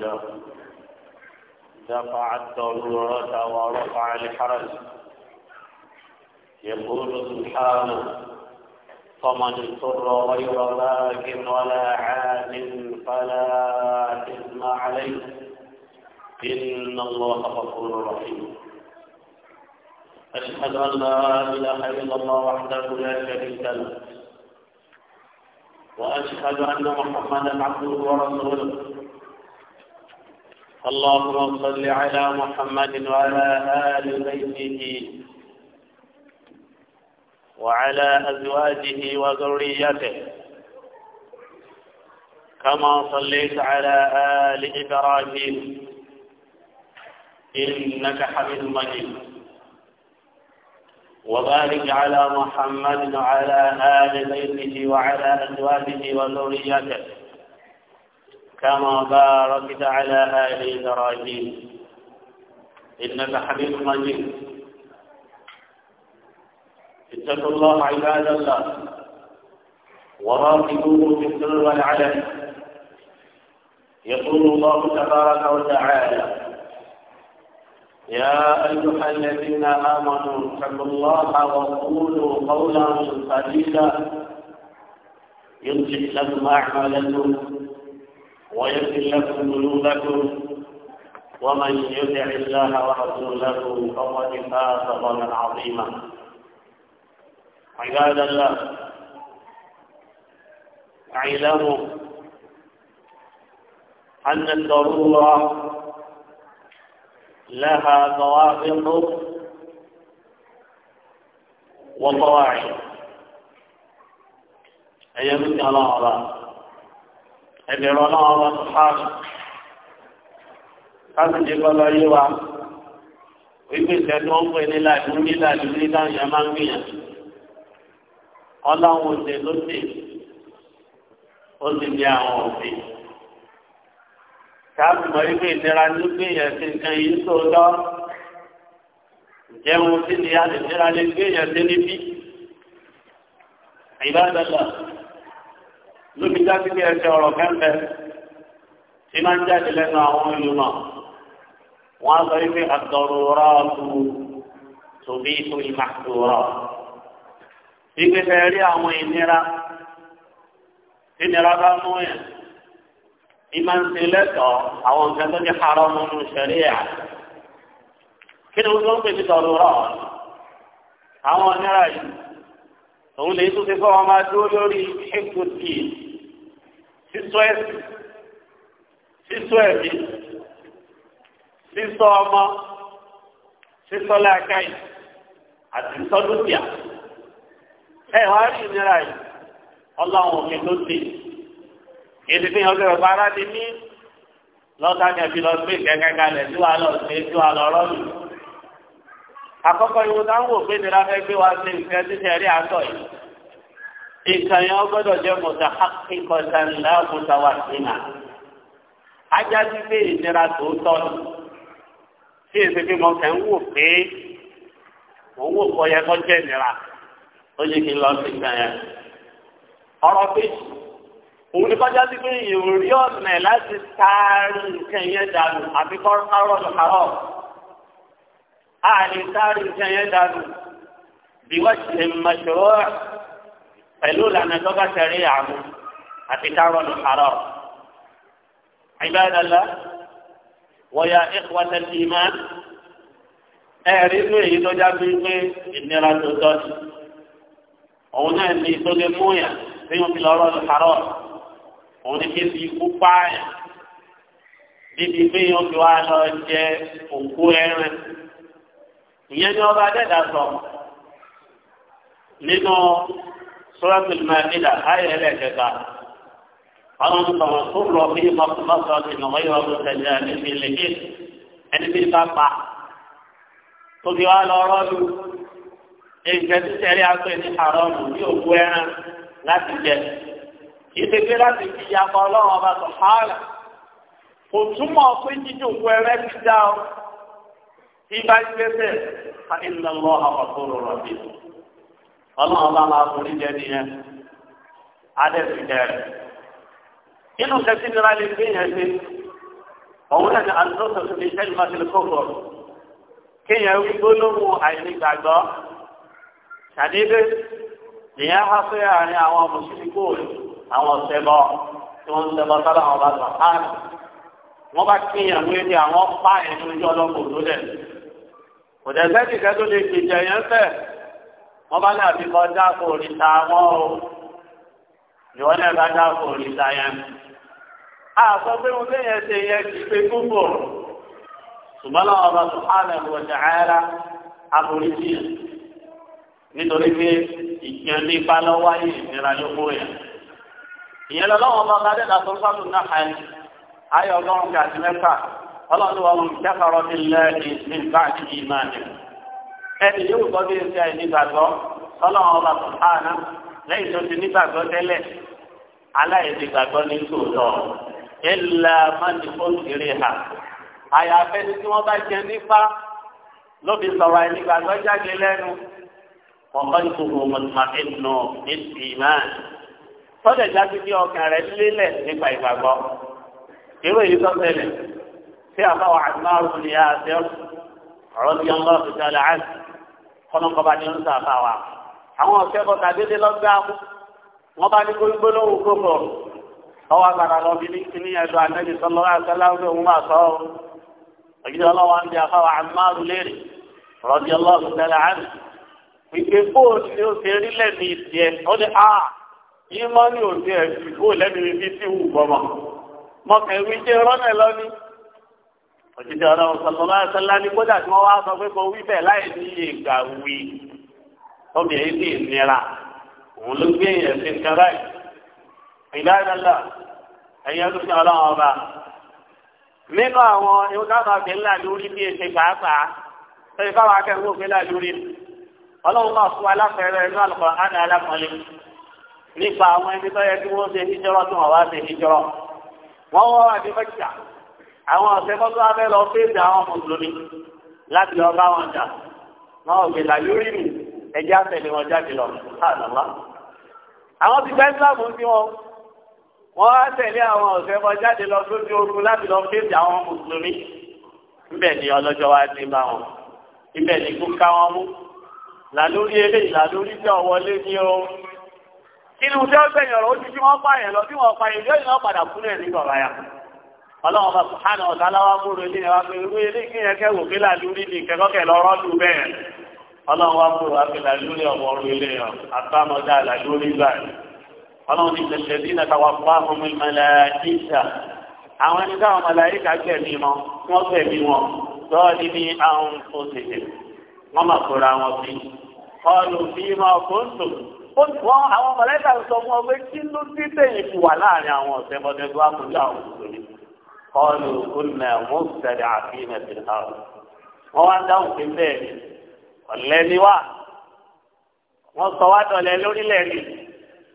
الله دفع الضرورة ورفع الحرج يقول سبحانه فمن اضطر غير باك ولا عاد فلا إثم عليه إن الله غفور رحيم أشهد أن لا إله إلا الله وحده لا شريك له وأشهد أن محمدا عبده ورسوله اللهم صل على محمد وعلى آل بيته وعلى أزواجه وذريته كما صليت على آل إبراهيم إنك حميد مجيد وبارك على محمد وعلى آل بيته وعلى أزواجه وذريته كما باركت على آل إبراهيم إنك حبيب مجيد اتقوا الله عباد الله وراقبوه في السر والعلن يقول الله تبارك وتعالى يا أيها الذين آمنوا اتقوا الله وقولوا قولا سديدا يصلح لكم أعمالكم ويغفر لكم ذنوبكم ومن يطع الله ورسوله فقد فاز فوزا عظيما عباد الله اعلموا ان الضروره لها ضوابط وقواعد ايام على الله ẹ̀bẹ̀rọ náà wọn sọ́fàánù káàkiri gbọ́dọ̀ yé wa wípé ìṣẹ́jú ń pè nílà ìlú nílà ìlú nílà ìyá máa ń gbìyànjú ọlọ́run òde ló dé ó sì ní àwọn òbí káàkiri mọ̀ wípé ìnira ní gbìyànjú nǹkan yìí tó jẹun sí ni a lè nira lè gbìyànjú níbí ìbádọ́lá lóbi jáde ní ẹsẹ̀ ọ̀rọ̀ kẹ́ńtẹ́ tí máa ń jáde lẹ́nu àwọn olùmọ̀ wọ́n á sọ wípé àtọ̀rọ̀rọ̀ tu tòbí tó ìmàkùrọ̀ wípé fẹ́ rí àwọn ìnira ìnira bá mú yẹn ìmọ̀ ń ṣe lẹ́tọ̀ọ́ àwọn nǹkan tó ti harọ́ nínú ṣẹ̀ríà kí ni wọ́n tó ń pè ní tọ̀rọ̀rọ̀ àwọn ìnira yìí. òun lè tún ti fọ́ ọmọ adúró lórí ẹ̀kọ́tì sísọ sísọ ẹ̀mí sísọ ọmọ sísọ làákàyè àti sísọ dúkìá ẹ wá rí ìnira yìí ọlọ́run òkè tó ti èdè fi hàn ní lọ́tà ni àbí lọ gbé kẹ́kẹ́ kalẹ̀ tí wàá lọ sí tí àkọ́kọ́ ìwọ tá wò pé nira fẹ́ gbé wa ṣe nǹkan tí ṣe àtọ̀ yìí nǹkan yẹn gbọ́dọ̀ jẹ́ mọ̀tà akíkọ̀tà ńlá mọ̀tà wà sínú ajá sí pé ìnira tòótọ́ ni tí èsì ń wò pé òun yẹ kọ́ jẹ́ nira ó yẹ kí n lọ sí nǹkan yẹn ọ̀rọ̀ òun àlè sáré nǹkan yẹn dànù bí wọ́n ṣe mọ̀ṣọ́rọ́ pẹ̀lú ìlànà ìjọba ṣẹ̀rí àmú àti kárọ̀ ní àárọ̀. ìbádàlá wọ̀ya ìkwàtẹ̀ tì máa ẹ̀rí inú èyí tó jáde pé ìnira tó tọ́jú. òun náà ní tó lè tí wọ́n fi lọ́rọ̀ ní òun ní kí ti ikú pààyàn. bíbi pé wọ́n fi wá lọ jẹ òkú ẹran ìyẹn ni ọba adẹ́dà sọ nínú suratul Ma'idah ayé ẹlẹ́kẹta àwọn sọ̀rọ̀ tó lọ bí mọ́tòmọ́tò ti nà wáyé ọdún tẹ̀lé níbi ìlẹ́kẹ́ ẹni bí bá pa tóbi wá lọ rọ́ọ̀lù nǹkan tí sẹ́rí apẹ̀ ní àrọ́ọ̀lù ní òkú ẹran láti jẹ ìdèké láti fi yàgbọ́ ọlọ́run ọba sọ̀hálà kò túmọ̀ pé jíjù òkú ẹran ti dá ọ ìgbà ìgbésẹ̀ fa iná lọ àkọ́kọ́rọ́ rọ̀bì. ọlọ́run bá máa forí jẹ nìyẹn adẹ́sì kẹrẹ. inú kẹsí nira lè gbé yẹn ṣe òun náà ni àdúrótò tó lè ṣẹ́yìn máa tẹ̀lé kókò kéèyàn wí gbólóhùn àìní gbàgbọ́ ṣàdédé ìyẹn wá pé àárín àwọn mùsùlùmí kóòlù àwọn ṣẹbọ tí wọ́n ń ṣẹbọ sọ́dọ̀ àwọn bá sọ̀ hàn wọ́n bá kéèyàn wí òdẹ̀sẹ́ nìkan tó lè gbèjà yẹn fẹ́ wọ́n bá náà fi kọ́ dáko òrìṣà wọn o ìwọ́n náà bá dáko òrìṣà yẹn. a sọ pé wọn léyìn ẹsẹ̀ yẹn ti pé púpọ̀ ṣùgbọ́n náà ọba subhanahu wa ta'ala aboríjì yẹn nítorí pé ìjẹun ní ipa lọ́wọ́ ayé ìnira ló kó yẹn. ìyẹn lọ́wọ́ ọba ọba adẹ́ta tó sábà náà ayọ̀ ọgọ́rùn-ún kàti mẹ́fà ọlọ́run wa wọn dákàrọ́ ní lẹ́ẹ̀ni ní báàdì ìmáàdì ẹni yóò gbọ́ bí ẹsẹ̀ ẹ̀ nígbàgbọ́ ọlọ́run ọba sùhánà lẹ́yìn tó ti nígbàgbọ́ tẹ́lẹ̀ aláìsí gbàgbọ́ ní tòótọ́ ẹ̀là mọ́ni fóònùkiri hà àyàfẹ́ ni tí wọ́n bá jẹ nípa lóbi sọ̀rọ̀ ẹ̀ nígbàgbọ́ jáde lẹ́nu ọ̀gbọ́n tó kò mọ̀tìmọ̀ ẹ̀dùnú ẹ̀dùn ìmáàdì tọ́jà jáde bí ọkàn rẹ̀ lélẹ̀ nípa ìgbàgbọ́ irú èyí sai a bawa Ammar bin Yasir radiyallahu ta'ala an kono ko ba ni on sa bawa àwọn se ko tàbí de lo gba mo ba ni ko gbolo ahụ. ko àwọn agbára ma so òjijì ọlọ́run sọlọ́lá ṣẹlá ní kódà tí wọ́n wá sọ pé kò wí láì ní ìgbà wí obìnrin ní ìnira òun ló gbé ẹ̀sìn kan báyìí ìdájọ́lá ẹ̀yẹ ló fi ọlọ́run ọba nínú àwọn ìwúdáfà fìlà lórí bí èsè pàápàá sẹ́yìn fáwọn akẹ́kọ̀ọ́ fìlà lórí ọlọ́run náà fún aláfẹ́rẹ́ inú àlùkò àná alákọ̀ọ́lẹ́ nípa àwọn ẹni tó yẹ kí wọ́n ṣe hijrọ́ tí wọ́n wá ṣe hijrọ́ wọ́n wọ́n wá di mẹ́kíà àwọn ọ̀sẹ̀ kọ́kọ́ abẹ́ lọ fèsì àwọn mùsùlùmí láti lọ bá wọn jà wọn ò gbèlà lórí mi ẹjẹ́ àtẹ̀lé wọn jáde lọ àdàlá. àwọn ti gba ìsìlámù sí wọn wọn á tẹ̀lé àwọn ọ̀sẹ̀ wọn jáde lọ sójú ogun láti lọ fèsì àwọn mùsùlùmí níbẹ̀ ni ọlọ́jọ́ wa ti bá wọn níbẹ̀ ni kú ká wọn mú làlórí eléyìí làlórí tí ọwọlé ní o kí ni mo fẹ́ gbẹ̀yìn ọ̀rọ̀ ojú tí wọ́n pààyàn lọ bí wọ́n pààyàn yóò ní wọ́n padà kú náà nígbà báyà ọlọ́run bá sùhánà ọ̀tá aláwá múrò ilé wa pé irú ilé kí yẹn kẹwò pé làlúrí ni kẹkọkẹ lọrọ lù bẹ́ẹ̀ ọlọ́run wá múrò wá pé làlúrí ọmọ ọrùn ilé yẹn àtàmọdá làlúrí báyìí ọlọ́run ní tẹ̀sẹ̀ bí nàta wà fún ahọ́mọ ìmọ̀lẹ̀ ìṣà àwọn ẹni táwọn màláíkà gbẹ̀mí wọn wọ́n gbẹ̀mí wọn lọ́ọ̀dí ní àwọn òṣèlè wọ́n mà kóra wọn bí ọlù bí máa kóńtò wọ́n àwọn màláíkà sọ fún ọ pé kí ló dé tẹ̀yìn fún wa láàrin àwọn ọ̀sẹ̀ bọ́dẹ̀ tó àwọn òṣèlè قالوا كنا مستدعفين في الأرض wọ́n wá dáhùn sí bẹ́ẹ̀ ni ọ̀lẹ́ ni wá wọ́n sọ wá dọ̀lẹ́ lórílẹ̀ ni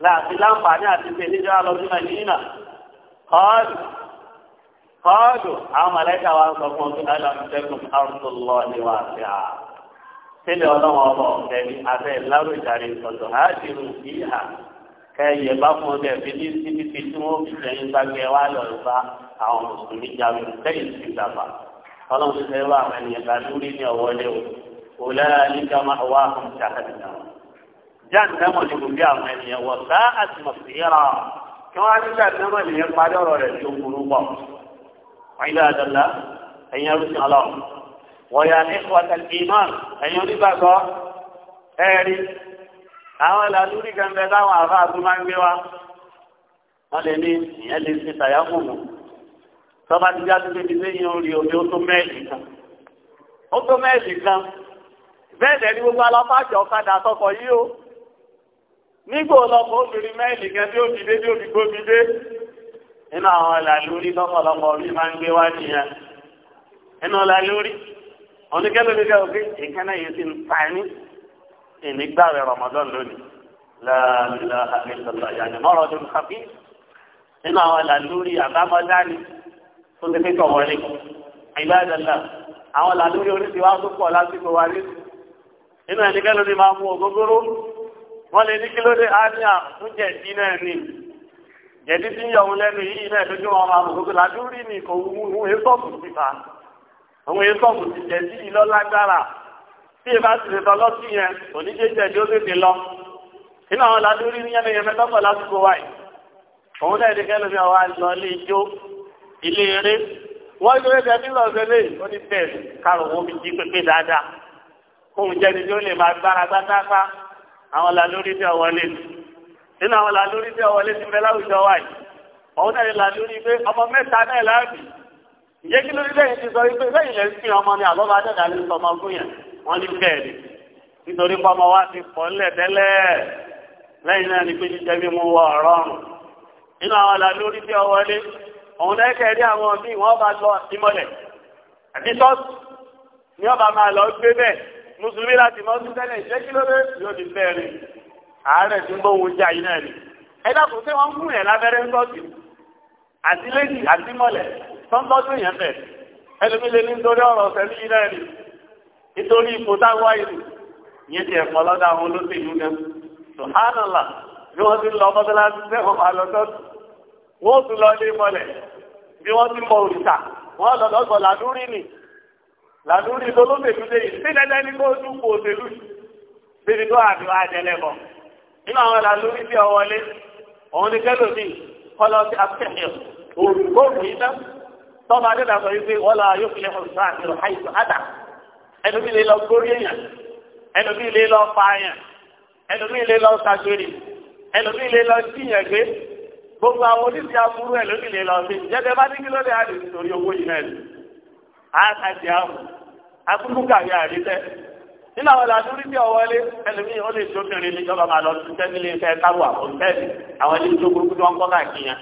láti láǹfààní wa ń sọ ni wà sí à sílẹ̀ ọlọ́wọ́ ọmọ ọ̀fẹ́ ni abẹ́ láró ìdarí ìtọ́jú àádìrú ìhà kẹ́yẹ bá fún ọdẹ fi ní síbi tí wọ́n fi àwọn mùsùlùmí jáwé sẹ́yìn sí ìjàmbá ọlọ́run ti sẹ́yìn wà àwọn ènìyàn kan lórí ní ọwọ́ ilé o kò lára nígbà máa wá fún ìṣàkàtìyà wọn. jáde dámọ̀ ní gbogbo àwọn ènìyàn wọ̀ sá àti mọ̀síyàrá kí wọ́n á ní jáde dámọ̀ ènìyàn parí ọ̀rọ̀ rẹ̀ tó burú pọ̀. wáyé àdàlà ẹ̀yin arúgbó ọlọ́run wọ́n lè ní ìyẹn lè fi tàyámùmù sọba ti já síbi ilé yẹn orí omi ó tó mẹ́ẹ̀lì kan ó tó mẹ́ẹ̀lì kan bẹ́ẹ̀ dẹ̀ ni gbogbo aláfáàjọ ọ̀kadà àtọkọ yìí o nígbà ọlọ́pàá obìnrin mẹ́ẹ̀lì kan tí ó fi dé tí ó fi gbómi dé nínú àwọn ìlàlórí lọ́pọ̀lọpọ̀ orí máa ń gbé wá nìyẹn nínú ìlàlórí oníkẹ́lómi kẹ́ òkè ìkànnì yìí ti ń ta ní ìnígbàwẹ̀ Ramadan lónìí láàrin àmì tó ti fi kọ̀ wọlé ìbádàlá àwọn làlórí oríṣi wa tó pọ̀ lásìkò wa rí nínú ẹnikẹ́ni ni máa mú ògógóró wọ́n lè ní kílódé á ní àtúnjẹ̀ sí náà ni jẹ̀dí tí ń yọ òun lẹ́nu yìí náà lójú wọn máa mú ògógóró làlórí ni kò wú òun èso kù sí fa òun èso kù sí jẹ̀dí yìí lọ lágbára tí ìbá sì lè tọ́lọ́ sí yẹn òní jẹ́jẹ́ tí ó tètè lọ nínú àwọn làlórí ní yẹn ilé eré wọ́n ti rẹ́jẹ nílò ọ̀sẹ̀lẹ̀ wọ́n ti tẹ̀ kárùn ún mi jí pépé dáadáa kóun jẹ́ni tí ó lè máa gbára gbátáká àwọn là lórí tí ọwọ́ lé nínú àwọn là lórí tí ọwọ́ lé ti fẹ́ láwùjọ wáyé ọ̀hún náà là lórí pé ọmọ mẹ́ta náà láàbì ìyẹn kí lórí lẹ́yìn ti sọ pé lẹ́yìn lẹ́yìn fi ọmọ ni àbọ̀bá dẹ́dà lè sọ ọmọ ogún yẹn wọ́n ní bẹ́ẹ̀ ni nítorí pé ọmọ wa ti pọ̀ ńlẹ̀ tẹ́lẹ̀ lẹ́yìn náà ni pé jíjẹ bí mo wọ ọ̀rọ̀ nínú àwọn là lórí tí ọwọ́ lé òun lẹ́kẹ̀ẹ́ rí àwọn míì wọ́n bá lọ ìmọ̀lẹ̀ àti sọ́ọ̀sì ni wọ́n bá máa lọ gbé bẹ́ẹ̀ mùsùlùmí láti mọ́ sí tẹ́lẹ̀ ìṣẹ́ kí ló dé yóò di fẹ́ rí ààrẹ tí ń bọ́ wọn jà iná rí ẹ dákun pé wọ́n ń kún yẹn lábẹ́rẹ́ ń tọ́jú àti lẹ́yìn àti mọ̀lẹ̀ tó ń tọ́jú yẹn bẹ̀ ẹlòmí lè ní nítorí ọ̀rọ̀ ọ̀sẹ̀ ní iná rí nítorí ipò táwa ìlú yẹn wọ́n tún lọ ilé mọ́lẹ̀ bí wọ́n ti mọ òrìṣà wọ́n lọ lọ́sọ̀ làdúrí nì làdúrí lólóṣèlú lẹ́yìn sí lẹ́lẹ́ ní kó tún kó òṣèlú bíbi tó àdúrà àjẹlẹ̀ bọ̀ nínú àwọn làdúrí tí ọ wọlé òun ni kẹ́lò ní kọ́lọ́ sí akẹ́kẹ́ òrùkóòrùn iná tọ́ba adé dàgbà yìí pé wọ́n la yóò fi lè hàn sáà nínú àìsàn àdà ẹnu bí lè lọ górí èèyàn ẹnu bí lè lọ pa èèyàn ẹnu bí lè lọ sagbèrè ẹnu bí lè lọ díyàn gbé gbogbo àwọn oníṣẹ́ aburú ẹ̀ lónìí lè lọ sí jẹ́jẹ́ bá ní kí ló lè á lè torí owó yìí náà lè á ká jẹ́ àwọn akúkú kàwé àríṣẹ́ nínú àwọn làdúrí tí ọwọ́ ilé ẹlòmíì ó lè sóbìnrin ní ìjọba máa lọ sí sẹ́nílé iṣẹ́ káwà òǹtẹ́ẹ̀lì àwọn ilé ìjó burúkú tí wọ́n kọ́ káàkiri yẹn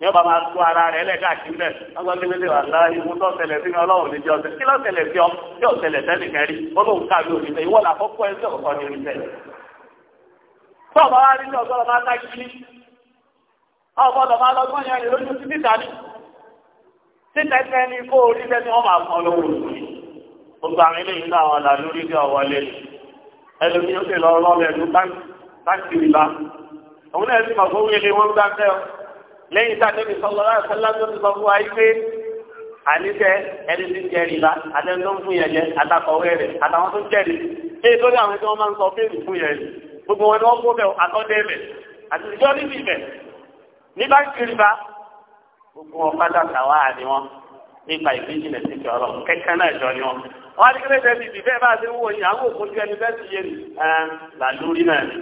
ní ọba máa tó ara rẹ̀ lẹ́ẹ̀káàkiri bẹ́ẹ̀ ọgbọ́n kí ló dé wà láyé ìwú tó ṣẹlẹ̀ sínú ọlọ́run ní jọ́sẹ̀ kí ló ṣẹlẹ̀ sí ọ yóò ṣẹlẹ̀ ọgbọ́dọ̀ máa lọ́gbọ́n yẹn lè lójú sí títà ní títà ẹgbẹ́ ní kó orí bẹ́ẹ̀ ni wọ́n máa pọn lówó lórí gbogbo àwọn ilé yìí náà là lórí bí ọwọ́ lé ẹnu ní ó sì lọ rọ́ọ̀lẹ̀ ẹnu táǹkì ìlà òun náà sì mọ̀ fún wíwí wọn gbá fẹ́ ọ lẹ́yìn tá a débi sọ lọ́wọ́ àṣálá tó ti sọ fún wa yìí pé àníṣe ẹni tí ń jẹ ìlà ní báńkì rìbá gbogbo wọn pátá sàwáà ni wọn nípa ìbíjìnlẹ̀ sí ti ọ̀rọ̀ kẹ́kẹ́ náà jọ ni wọn. wọn á ní kílẹ̀ tẹ́lẹ̀ ìbí bẹ́ẹ̀ bá ti ń wò yìí àwọn òkú ju ẹni bẹ́ẹ̀ ti yé ni làlúrí náà ni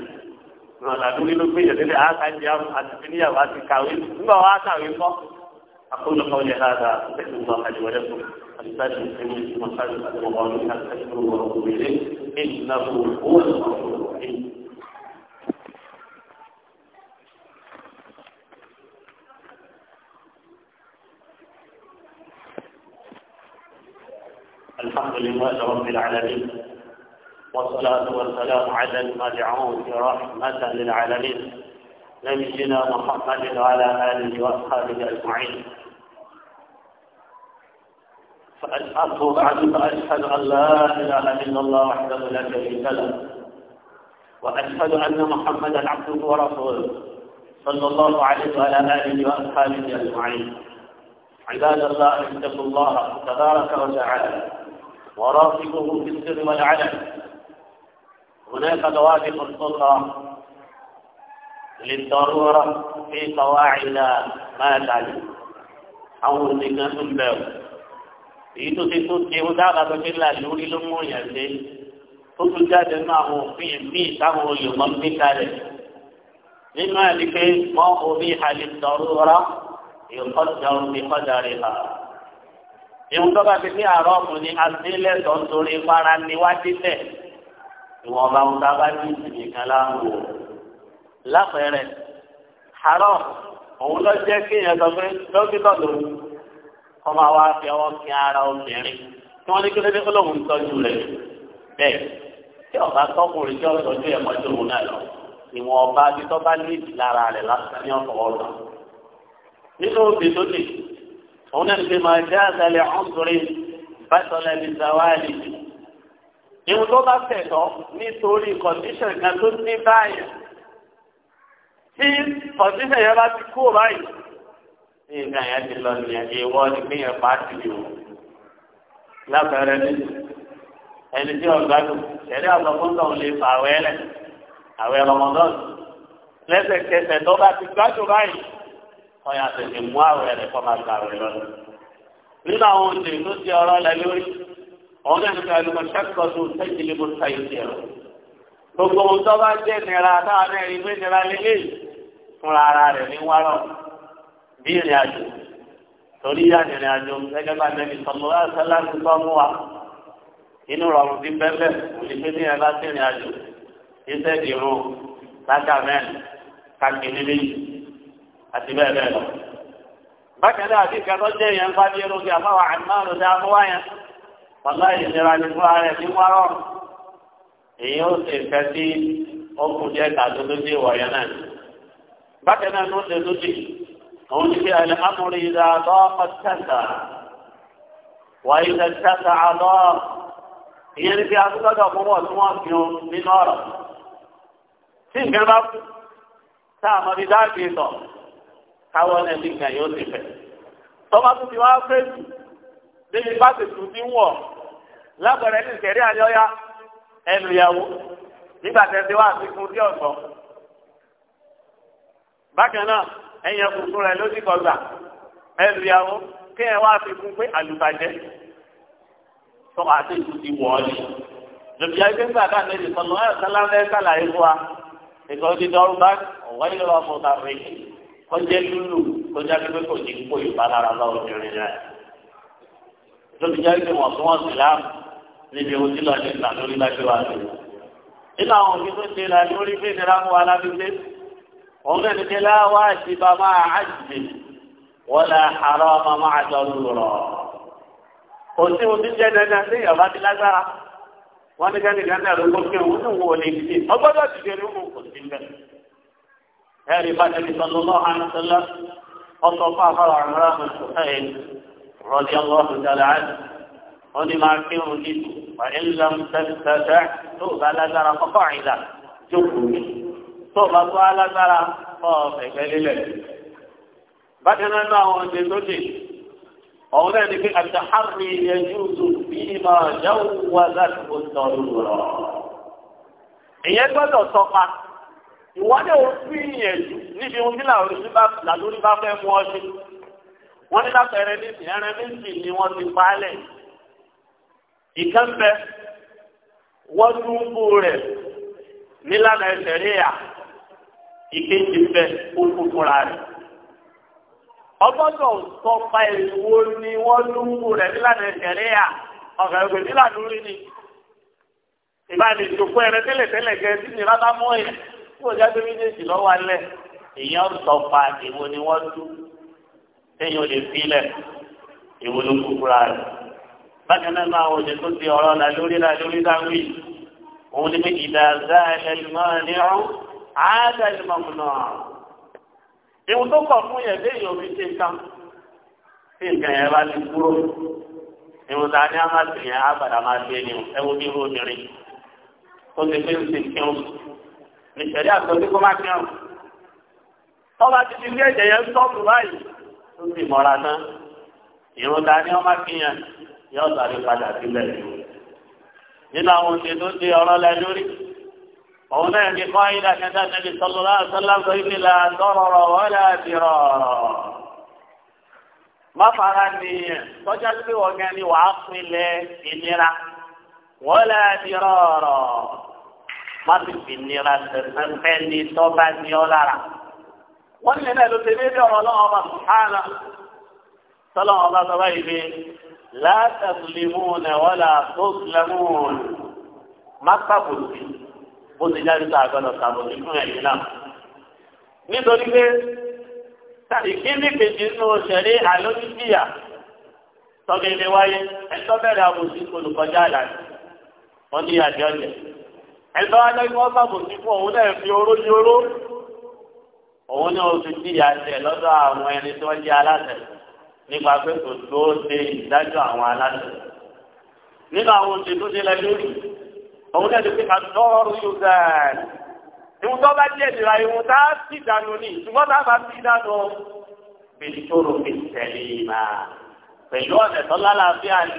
làlúrí ló gbé yẹn lélẹ̀ àáká ìdí àwọn àti fi àti kàwé nígbà wọn á kàwé kọ́. أقول قولي هذا أستغفر الله لي ولكم ولسائر المسلمين في مصالح الأمور والأسئلة إنه هو الغفور الرحيم الحمد لله رب العالمين والصلاة والسلام على المدعون رحمة للعالمين نبينا محمد وعلى آله وأصحابه أجمعين فأشهد بعد أشهد أن لا إله إلا الله وحده لا شريك له وأشهد أن محمدا عبده ورسوله صلى الله عليه وعلى آله وأصحابه أجمعين عباد الله اتقوا الله تبارك وتعالى وراقبه في السر والعلن هناك دوافق اخرى للضرورة في قواعد ما تعلم أو لكنات الباب في تسيطة ودعبة جلال يولي لمو يزيل تسيطة دماغه في ميته يضمك عليه لما لكي ما أبيح للضرورة يقدر بقدرها ìwọ̀n tó bá ti ní àárọ̀ ọ̀mù ni àtìlẹ̀ tó ń torí para níwájú tẹ̀ ìwọ̀n bá wọn bá ní ìsinmi kan láwùjọ. lápẹ̀rẹ̀ àárọ̀ òun ló jẹ́ kí èèyàn sọ pé dókítà lòun kọ́ máa wá fi ọwọ́ kí ara obìnrin tí wọ́n ní kí lóde olóhùn tọ́jú rẹ̀ bẹ́ẹ̀ tí ọ̀gá tọkùnrin tí ọ̀tọ́jú ẹ̀ mọ́jú òun náà lọ ìwọ̀n ọba bí tọ́ bá ní ìdí lára rẹ̀ lásán ní ọ̀tọ̀ ọ̀dọ̀ هنا بما جاز لعذر بطل للزوال ìwọ̀n tó bá tẹ̀tọ́ nítorí kọ̀díṣàn kan tó ní báyìí tí kọ̀díṣàn yẹn bá ti kú báyìí ní ìgbà yẹn ti lọ nìyẹn ìwọ ni pé yẹn pa á ti yòó lábẹ́rẹ́ ní ẹni tí ọ̀gá dùn ṣẹ̀rí àtọ̀kùntàn lè fà àwẹ́ rẹ̀ àwẹ́ rọmọdọ́n lẹ́sẹ̀kẹsẹ̀ tó bá ti gbádùn báyìí ọyà tètè mú àwẹ̀ rẹ̀ kọ́ máa gba àwẹ̀ lọ́dún. nínú àwọn oṣù tó ti ọ̀rọ̀ lẹ lórí òun náà nípa ẹnu kan ṣẹ́kọ̀ọ́ tó tẹ́jìlì bó ta ìdí ẹ̀rọ. gbogbo ohun tó bá jẹ́ nira táwọn náà rí pé nira lélẹ̀ fúnra ara rẹ̀ ní wárọ̀ bí ìrìn àjò torí yá ìrìn àjò gẹ́gẹ́ bá nẹ́ni sọmọ ẹ̀sẹ̀lá ti tọ́ mú wa inú rọrùn bí bẹ́ẹ̀ òṣìṣẹ́ ní ẹ̀ bá sí ìrìn àjò àti bẹ́ẹ̀ bẹ́ẹ̀ lọ. bákan náà àti ìkàtọ́ jẹ́ yẹn ń bá bí irú kí àmọ́ àwọn àmọ́ ọ̀dà àbúwá yẹn wàlá ìlera ni fún ara ẹ̀ ní wárọ̀ èyí ó sì fẹ́ sí ọkùn jẹ́ tàbí lójú ìwọ̀yẹn náà. bákan náà ló ṣe lójú òun ti fi àlẹ́ amúrí ìdá àtọ́ ọ̀tẹ́ta wà ìdá ìtẹ́ta àlọ́ ìyẹn ni fi asúgbọ́dọ̀ fún wọn tí wọ́n fi hàn nínú ọ̀rọ̀ tí nǹkan bá kú táà mọ̀ káwọn náà ní ìgbà yóò ti fẹ̀. tọ́ba tó ti wá fẹ́ jù débi bá ti tù ní wọ̀ lábẹ̀rẹ̀ ní ìṣẹ̀rí àyọ́yá ẹnu ìyàwó nígbà tẹ̀sí wá sí fún sí ọ̀gbọ́n. bákan náà ẹ̀yìn ẹ̀kùnkùn rẹ̀ ló ti kọgbà ẹnu ìyàwó kí ẹ wá sí fún pé àlùbàjẹ́ tó àti tù ti wọ̀ ọ́ lòdì ẹgbẹ́ ńgbà ká lè sọ̀rọ̀ ẹ̀ sálá kọjá lulu kọjá pé kò ní kó ìpalára bá obìnrin rẹ lóbi jẹ́ pé wọ́n fún wọn sí láàmù níbi ohun tí lọ ní ìgbà lórí lájọ́ wa sí. nínú àwọn òbí tó ṣe la lórí pé ìnira mú wa lábílé òun náà ní kílá wá sí bàbá àjèjì wọn là àrọ màmá àjọ lùrọ. kò sí ohun jẹ́ dandan sí ìyàwó ti lágbára wọ́n ní kẹ́ni kẹ́ni àdókò kí òun ní wo ni ẹ̀rí bá tẹ̀lé sọ́dọ̀ lọ́wọ́ àmọ́sọ́lá ọ̀sọ̀ fún afárá àmọ́ra mùsùlùmí rọ̀lì ọlọ́run dàlẹ́ àti wọ́n ní máa kí òun nínú wà ní lọ́m tẹ́tẹ́ tó bá lágbára kọ́kọ́ àìlà jókòó mi tó bá tó alágbára kọ́ ẹ̀gbẹ́ lílẹ̀. bákan náà àwọn ọ̀dẹ tó dé ọ̀hún náà ni pé àtàhárí ẹjú tó fi máa jáwó wá láti kó ìwádìí ò fi ìyẹ̀jú níbi ohun tí làlórí bá fẹ́ mú ọ sí wọ́n ní lápẹẹrẹ ní ìsìn ẹran méjì ni wọ́n ti paálẹ̀ ìkan bẹ wọ́n tún bú rẹ̀ nílànà ẹsẹ̀ ríyà ìkejì bẹ òkú fúnra rẹ̀ ọgbọ́dọ̀ sọpa ìwo ni wọ́n tún bú rẹ̀ nílànà ẹsẹ̀ ríyà ọ̀gá ìwé nílànà orí ni ìbáraẹnìjòkó ẹrẹ tẹ́lẹ̀tẹ́lẹ̀ gẹ̀ẹ́sì ni rábà mọ́ yẹn tí ọjà tó méjèèjì lọ́wọ́ alẹ́ èèyàn tọpa èwo ni wọ́n tú téèyàn ò lè filẹ̀ èwo ló kúkúra rẹ̀ bákan náà máa wọlé tó ti ọ̀rọ̀ la lórí la lórí dáwì òun ni pé ìdàgbà ẹlẹ́mọ́ ni ọ́ àádá ẹlẹ́mọ́ kùnà ìwọ tó kọ̀ fún yẹn téèyàn ò fi ṣe tán tí nǹkan yẹn bá ti kúrò ìwọ ta ni a máa tì yẹn á padà máa gbé ni ẹwọ bí irú obìnrin tó ti pé ń ti kírun ìṣẹ̀lẹ̀ àtọ́jú kó má kírun. ọba ti ti ilé ẹ̀jẹ̀ yẹn sọ́ọ̀bù báyìí tó ti mọ̀ra tán ìrún ta ni wọ́n má kíyàn yóò sáré padà sílẹ̀ nínú àwọn oṣù tó di ọ̀rọ̀ lẹ lórí òun náà ní kọ́ ayé dàkẹ́dà níbi sọlọ́lá sọlá sọ ibi là tọrọrọ wọlé àdìrọ̀ má fara nìyẹn tọ́jà pé wọ́n gẹ́ ni wàá pinlẹ̀ ìnira wọlé àdìrọ̀ má sì fi nira sẹ̀fẹ́ ní tọ́ba ní ọ lára. wọ́n ní ẹ̀rọ ṣe déédéé ọ̀rọ̀ ọlọ́wọ́ bá sùhánà tọ́lọ́wọ́ bá sọ báyìí pé látàtúlẹ̀mùn wọlé àtọ́sílẹ̀mùn má sàbòsí bó ti jáde tó àgbọ̀dọ̀ sàbòsí fún ẹ̀yìn náà. nítorí pé ìkíni kejì nínú òṣèré àlójútìyà tọ́gẹ̀dẹ̀ wáyé ẹ̀tọ́ bẹ̀rẹ̀ àbòsí olùkọjá àlàyé wọ́n ní àjọyẹ̀ ẹ̀tọ́ ajọ́ kí wọ́n sàbò sí fún òun náà fi oró sí oró òun náà ó fi jìyà jẹ lọ́dọ̀ àwọn ẹni tí wọ́n jẹ́ aláṣẹ nípa pé kò tó ṣe ìdájọ́ àwọn aláṣẹ nínú àwọn oṣù tó ṣe lẹ́lórí òun náà ti fi àtọ́rọ̀ yóò dáa ìwọ̀n tó bá jẹ́ ìdìrà ìwọ̀n tá a sì dànù ní ìtumọ̀ tá a bá sì dànù bìtòrò bìtẹ̀lì mà pẹ̀lú ọ̀nà tó lálàáfíà ni.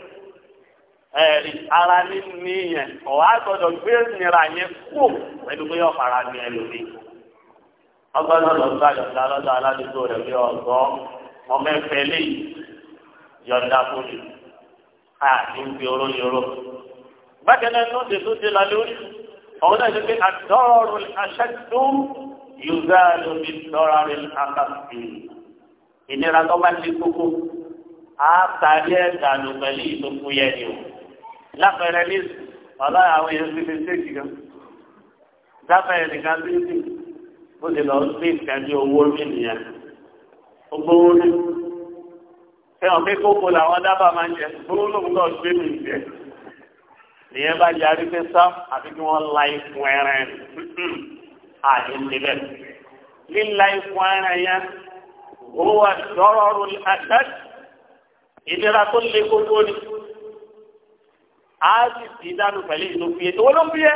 ẹ̀rí ara ní níyẹn ọ̀wá gbọ́dọ̀ gbé nira yẹn kú pẹ̀lú pé ọ̀fara ni ẹ lòdì. ọgbọ́dọ̀ lọ gba yọ̀ǹda lọ́dọ̀ aládùúgbò rẹ̀ bí ọ̀gọ́ ọmọẹ̀fẹ́ lè yọ̀ǹda fún mi a ní fi oró yoró. bákan náà ní oṣù tó ti la lórí ọ̀hún náà ṣe pé àdọ́rọ̀rù aṣáájú yorùbá lómi dọ́rọ̀rù akáàbì ìnira tó bá ti kókó a tàbí ẹ̀ dànù ni o lápẹẹrẹ ní ọlá àwọn èèyàn ti fi ṣéèkì kan lápẹẹrẹ nìkan ti fi bó ti lọ sí ìtẹ́jú owó mi nìyẹn gbogbo owó ní fẹ́ràn pé kókó làwọn dábàá máa ń jẹ gbogbo lóun náà gbé mi jẹ nìyẹn bá yarí pé sam àti kí wọ́n la ikùn ẹran àti níbẹ̀ líla ikùn ẹran yẹn owó àti dọ́rọ́rù àtẹ́tì ìdíra tó lé gbogbo ni áàbì sí dánù pẹ̀lú ìlú fiyè tó ló ń fiyè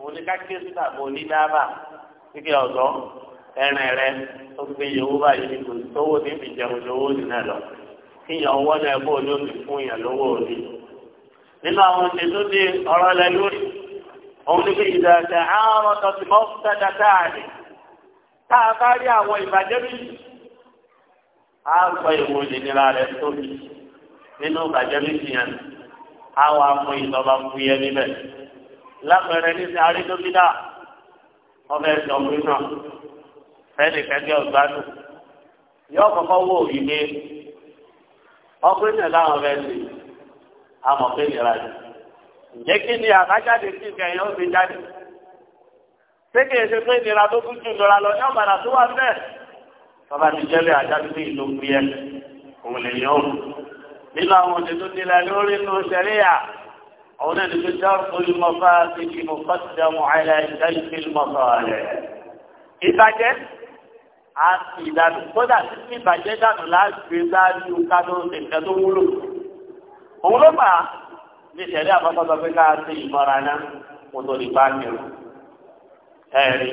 òun ni ká kíyèsí tàbí onídàbà kíkẹ́ ọ̀dọ́ ẹ̀rìn rẹ tó gbé yòówó báyìí kò sówó ní fi jẹun lówó ní náà lọ kíyàn wọ́n náà bó ló fi fún yàn lówó òní. nínú àwọn oṣù tó di ọ̀rọ̀ lẹ lórí òun ni pé ìdàgbà àárọ̀ tọ́sí mọ́ sẹ́dá táàdì tá a bá rí àwọn ìbàjẹ́ bí a sọ ìwòye nílá rẹ tóbi nínú ìbàjẹ́ bí ti yàn. àwọn amú ìjọba fún yẹ níbẹ̀ lápẹẹrẹ ní sẹ arídókítà ọbẹ ìjọba náà fẹẹni kẹkẹ ọgbádùn yọ kọ́kọ́ wò ìgbé ọkùnrin náà láwọn ọbẹ sí amọ̀pẹ́ nira yìí ǹjẹ́ kí ni àbájáde sí ìkẹyìn ó fi jáde sékè ṣe pé ìnira tó kún jù lọ yọ padà tó wà bẹ́ẹ̀ tọ́ba ti jẹ́ bẹ́ẹ̀ ìlú gbé ẹ òun lè yọ nínú àwọn ọ̀dẹ tó nílẹ̀ lórí nù sẹ́ríyà àwọn ẹni tó dá olùmọ̀fà ti di mọ̀fàtìdá mọ̀ọ́lá ìdájọ́ ìmọ̀fà rẹ̀. ìbàjẹ́ àti ìdànù kódà títí ìbàjẹ́ dànù láti dájú kánú nǹkan tó wúlò. òun ló bà á ní sẹ́rí àbábọ́sọ pé ká ṣe ìmọ̀ra náà kó tó di báńkì rẹ̀. ẹ̀rí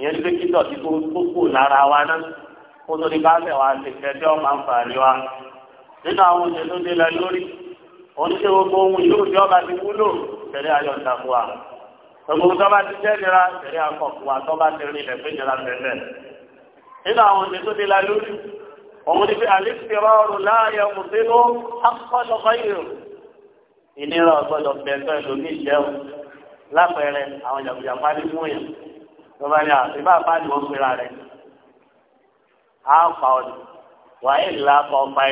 ìyẹn ti kí dọ̀tí tó kù lára wa náà kó tó di báńkì nínú àwọn oṣù tó dé la lórí oníṣẹ́ gbogbo ohun yóò jọ bá ti wúlò tẹ̀lé ayọ̀ ìtàkùn wa gbogbo tó bá ti jẹ́ nira tẹ̀lé akọ̀kùn wa tó bá ti rí ilẹ̀ pé nira tẹ̀lé nínú àwọn oṣù tó dé la lórí òun ni pé àlèkè rọrùn láàyè mùsùlùmí akọ́lọ̀ báyìí ìnira ọ̀gbọ́dọ̀ bẹ̀ẹ̀tọ́ ìlòmí ìjẹun lápẹẹrẹ àwọn jàǹdùjàǹdù ní mú yẹn tó bá yà ìbá bá ní wọn pera rẹ á ọdún wàá ìlà pa ọpa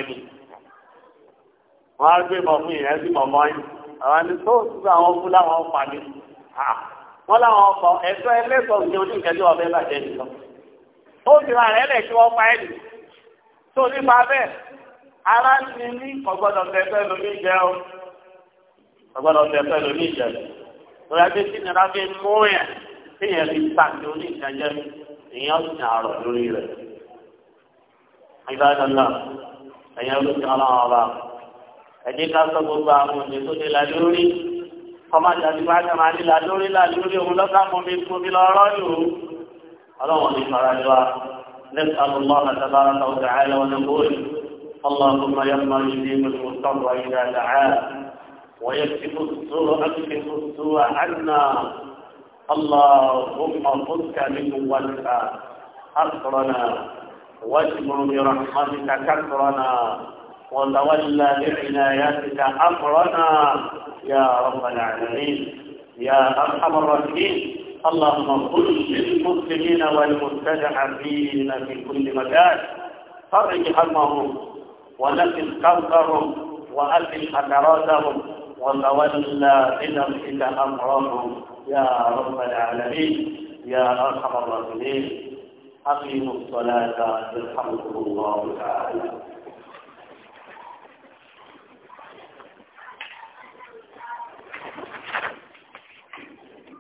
wọ́n á gbé mọ̀ fún ìyẹn sí mọ̀mọ́ yìí àwọn ẹni tó sùn àwọn fún láwọn fà mí wọ́n láwọn ọkọ̀ ẹ̀sọ́ ẹlẹ́sọ̀ọ́ ní oníkẹ́jọ́ ọ̀bẹ bàjẹ́ nìkan ó sì máa rẹ̀ lẹ̀ kí wọ́n pa ẹ̀lì tó nípa bẹ́ẹ̀ ara ń ní ní ọgbọ́dọ̀ tẹ̀fẹ́ lómi jẹ́ o ọgbọ́dọ̀ tẹ̀fẹ́ lómi jẹ́ o lórí adé tí nira fi mú yẹn tí yẹn fi ta ní oníkẹ́jẹ́ ìyẹn ó sì àrọ̀ lórí rẹ̀ ìgbà ẹ̀yẹn ló ti ọlọ́run ọba ẹ̀jẹ̀ ká sọ gbogbo àwọn òde tó dé la lórí ọmọ àjàdí bá kà máa ní la lórí la lórí òun lọ́sà mọ́ mi fún mi lọ́rọ́ yòó ọlọ́wọ́n ní farajọ́ نسأل الله تبارك وتعالى ونقول اللهم يما يجيب المضطر إذا دعاه ويكشف السوء أكشف السوء عنا اللهم خذك من قوتك أسرنا واجبر برحمتك كسرنا وتولى بعناياتك أمرنا يا رب العالمين يا أرحم الراحمين اللهم كن للمسلمين فينا في كل مكان فرج همهم ونفس كوكبهم وأكل حسراتهم وتولى بنفسك أمرهم يا رب العالمين يا أرحم الراحمين أقيموا الصلاة يرحمكم الله تعالى